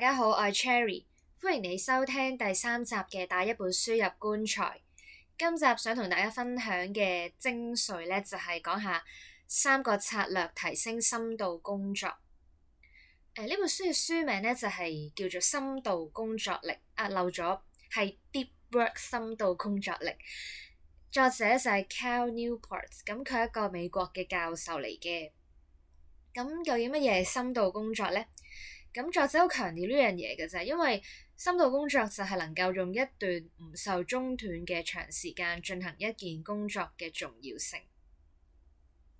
大家好，我係 Cherry，歡迎你收聽第三集嘅《帶一本書入棺材》。今集想同大家分享嘅精髓呢，就係講下三個策略提升深度工作。誒、呃，呢本書嘅書名呢，就係、是、叫做《深度工作力》啊，啊漏咗係 Deep Work 深度工作力。作者就係 Cal Newport，咁佢係一個美國嘅教授嚟嘅。咁究竟乜嘢係深度工作呢？咁作者好強調呢樣嘢嘅就係，因為深度工作就係能夠用一段唔受中斷嘅長時間進行一件工作嘅重要性。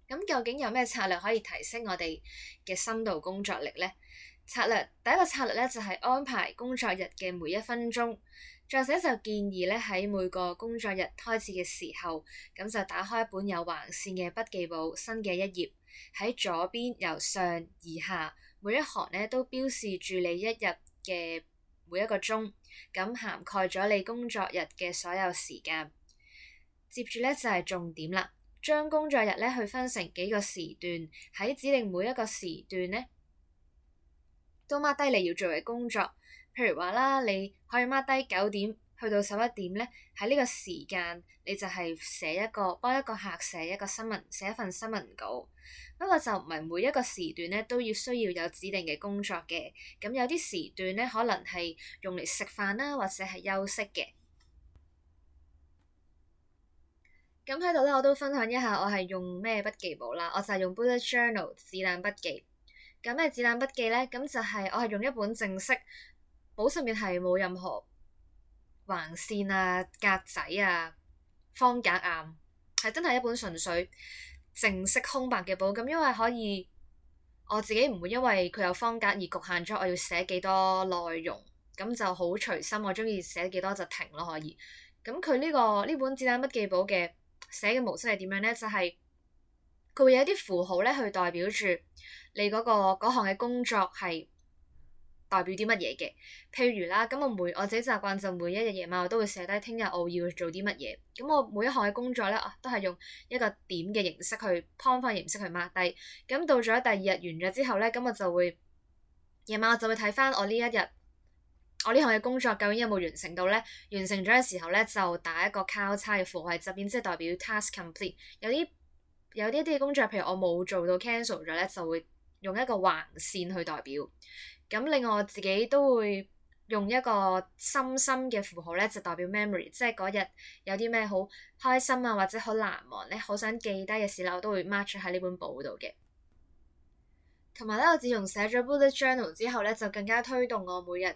咁究竟有咩策略可以提升我哋嘅深度工作力呢？策略，第一個策略呢就係安排工作日嘅每一分鐘。作者就建議呢，喺每個工作日開始嘅時候，咁就打開一本有橫線嘅筆記簿，新嘅一頁喺左邊由上而下。每一行呢都標示住你一日嘅每一個鐘，咁涵蓋咗你工作日嘅所有時間。接住呢就係重點啦，將工作日呢去分成幾個時段，喺指定每一個時段呢，都 mark 低你要做嘅工作，譬如話啦，你可以 mark 低九點。去到十一點呢，喺呢個時間你就係寫一個幫一個客寫一個新聞寫一份新聞稿。不過就唔係每一個時段呢都要需要有指定嘅工作嘅，咁有啲時段呢，可能係用嚟食飯啦，或者係休息嘅。咁喺度呢，我都分享一下我係用咩筆記簿啦，我就係用 Bullet Journal 子彈筆記。咁咩子彈筆記呢？咁就係我係用一本正式，簿上面係冇任何。橫線啊、格仔啊、方格啊，係真係一本純粹正式空白嘅簿。咁因為可以我自己唔會因為佢有方格而局限咗我要寫幾多內容，咁就好隨心。我中意寫幾多就停咯，可以。咁佢呢個呢本子彈筆記簿嘅寫嘅模式係點樣呢？就係、是、佢會有一啲符號咧去代表住你嗰、那個嗰項嘅工作係。代表啲乜嘢嘅？譬如啦，咁我每我自己習慣就每一日夜晚我都會寫低聽日我要做啲乜嘢。咁我每一項嘅工作呢，都係用一個點嘅形式去框翻形式去抹低。咁到咗第二日完咗之後呢，咁我就會夜晚我就會睇翻我呢一日我呢項嘅工作究竟有冇完成到呢，完成咗嘅時候呢，就打一個交叉嘅符號喺側邊，即係代表 task complete 有。有啲有啲啲嘅工作，譬如我冇做到 cancel 咗呢，就會。用一個橫線去代表，咁另外我自己都會用一個深深嘅符號呢就代表 memory，即係嗰日有啲咩好開心啊，或者好難忘咧，好想記低嘅事咧，我都會 match 喺呢本簿度嘅。同埋呢，我自從寫咗 bullet journal 之後呢就更加推動我每日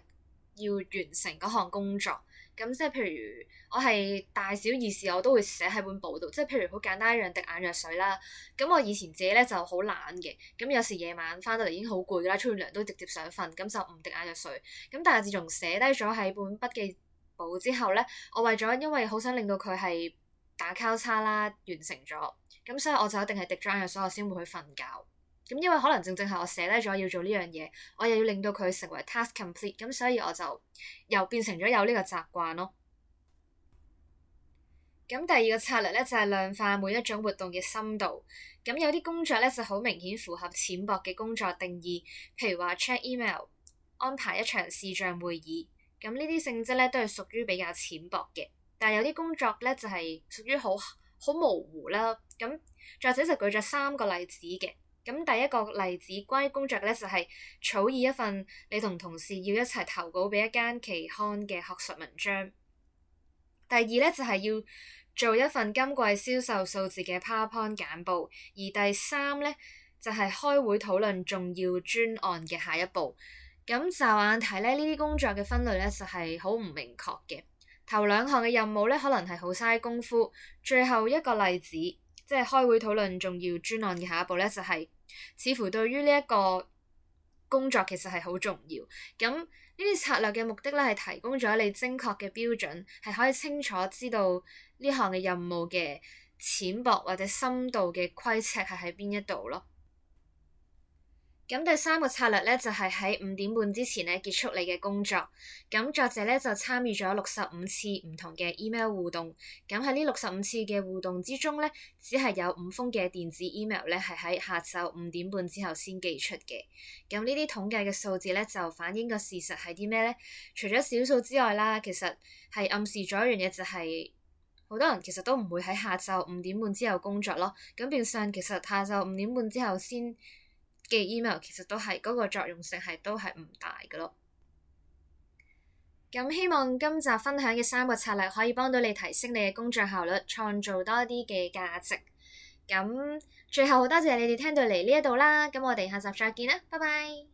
要完成嗰項工作。咁即係譬如我係大小二事我都會寫喺本簿度，即係譬如好簡單一樣滴眼藥水啦。咁我以前自己咧就好懶嘅，咁有時夜晚翻到嚟已經好攰㗎啦，沖完涼都直接想瞓，咁就唔滴眼藥水。咁但係自從寫低咗喺本筆記簿之後咧，我為咗因為好想令到佢係打交叉啦完成咗，咁所以我就一定係滴咗眼藥水我先會去瞓覺。咁因為可能正正係我寫低咗要做呢樣嘢，我又要令到佢成為 task complete，咁所以我就又變成咗有呢個習慣咯。咁第二個策略呢，就係、是、量化每一種活動嘅深度。咁有啲工作呢，就好明顯符合淺薄嘅工作定義，譬如話 check email、安排一場視像會議。咁呢啲性質呢，都係屬於比較淺薄嘅，但有啲工作呢，就係屬於好好模糊啦。咁作者就舉咗三個例子嘅。咁第一個例子關於工作嘅，咧就係、是、草擬一份你同同事要一齊投稿俾一間期刊嘅學術文章。第二咧，就係、是、要做一份今季銷售數字嘅 PowerPoint 簡報。而第三咧，就係、是、開會討論重要專案嘅下一步。咁乍眼睇咧，呢啲工作嘅分類咧，就係好唔明確嘅。頭兩項嘅任務咧，可能係好嘥功夫。最後一個例子。即係開會討論重要專案嘅下一步咧，就係、是、似乎對於呢一個工作其實係好重要。咁呢啲策略嘅目的咧，係提供咗你精確嘅標準，係可以清楚知道呢項嘅任務嘅淺薄或者深度嘅規尺係喺邊一度咯。咁第三個策略咧，就係喺五點半之前咧結束你嘅工作。咁作者咧就參與咗六十五次唔同嘅 email 互動。咁喺呢六十五次嘅互動之中咧，只係有五封嘅電子 email 咧係喺下晝五點半之後先寄出嘅。咁呢啲統計嘅數字咧，就反映個事實係啲咩咧？除咗少數之外啦，其實係暗示咗一樣嘢，就係，就係好多人其實都唔會喺下晝五點半之後工作咯。咁變相其實下晝五點半之後先嘅 email 其實都係嗰個作用性，係都係唔大嘅咯。咁希望今集分享嘅三個策略可以幫到你提升你嘅工作效率，創造多啲嘅價值。咁最後好多謝你哋聽到嚟呢一度啦，咁我哋下集再見啦，拜拜。